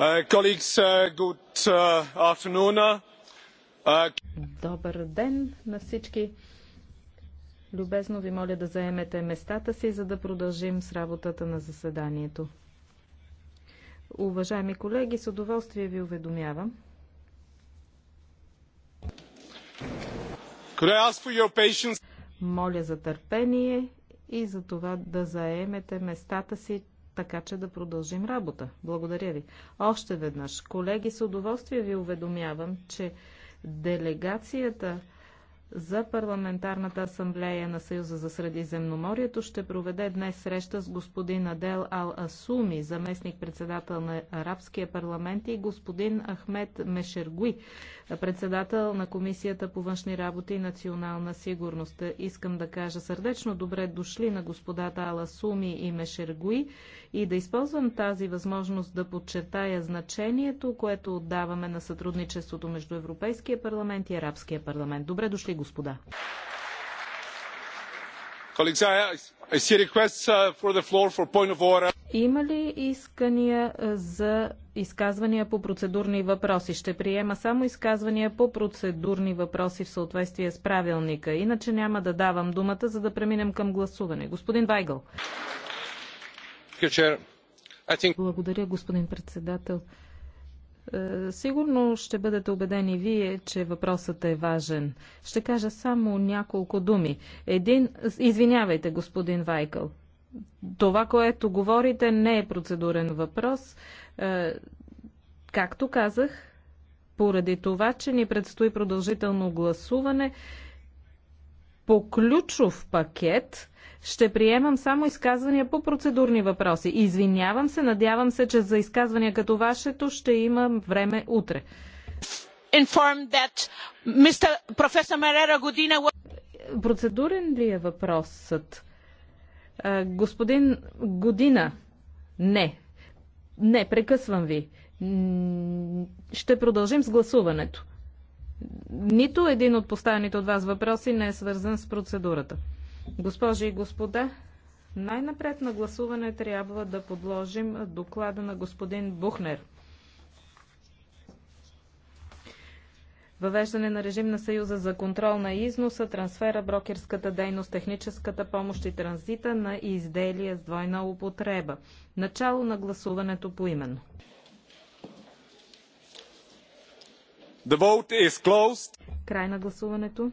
Uh, uh, uh, Добър ден на всички. Любезно ви моля да заемете местата си, за да продължим с работата на заседанието. Уважаеми колеги, с удоволствие ви уведомявам. Моля за търпение и за това да заемете местата си така че да продължим работа. Благодаря ви. Още веднъж, колеги, с удоволствие ви уведомявам, че делегацията за Парламентарната асамблея на Съюза за Средиземноморието ще проведе днес среща с господин Адел Ал-Асуми, заместник-председател на Арабския парламент и господин Ахмед Мешергуи, председател на Комисията по външни работи и национална сигурност. Искам да кажа сърдечно добре дошли на господата Ал-Асуми и Мешергуи и да използвам тази възможност да подчертая значението, което отдаваме на сътрудничеството между Европейския парламент и Арабския парламент. Добре дошли, господа. Uh, Има ли искания е, за изказвания по процедурни въпроси? Ще приема само изказвания по процедурни въпроси в съответствие с правилника. Иначе няма да давам думата, за да преминем към гласуване. Господин Вайгъл. Благодаря, господин председател. Е, сигурно ще бъдете убедени вие, че въпросът е важен. Ще кажа само няколко думи. Един... Извинявайте, господин Вайкъл. Това, което говорите, не е процедурен въпрос. Е, както казах, поради това, че ни предстои продължително гласуване, по ключов пакет ще приемам само изказвания по процедурни въпроси. Извинявам се, надявам се, че за изказвания като вашето ще имам време утре. Godina... Процедурен ли е въпросът? Господин Година, не. Не, прекъсвам ви. Ще продължим с гласуването. Нито един от поставените от вас въпроси не е свързан с процедурата. Госпожи и господа, най-напред на гласуване трябва да подложим доклада на господин Бухнер. Въвеждане на режим на Съюза за контрол на износа, трансфера, брокерската дейност, техническата помощ и транзита на изделия с двойна употреба. Начало на гласуването по именно. Край на гласуването.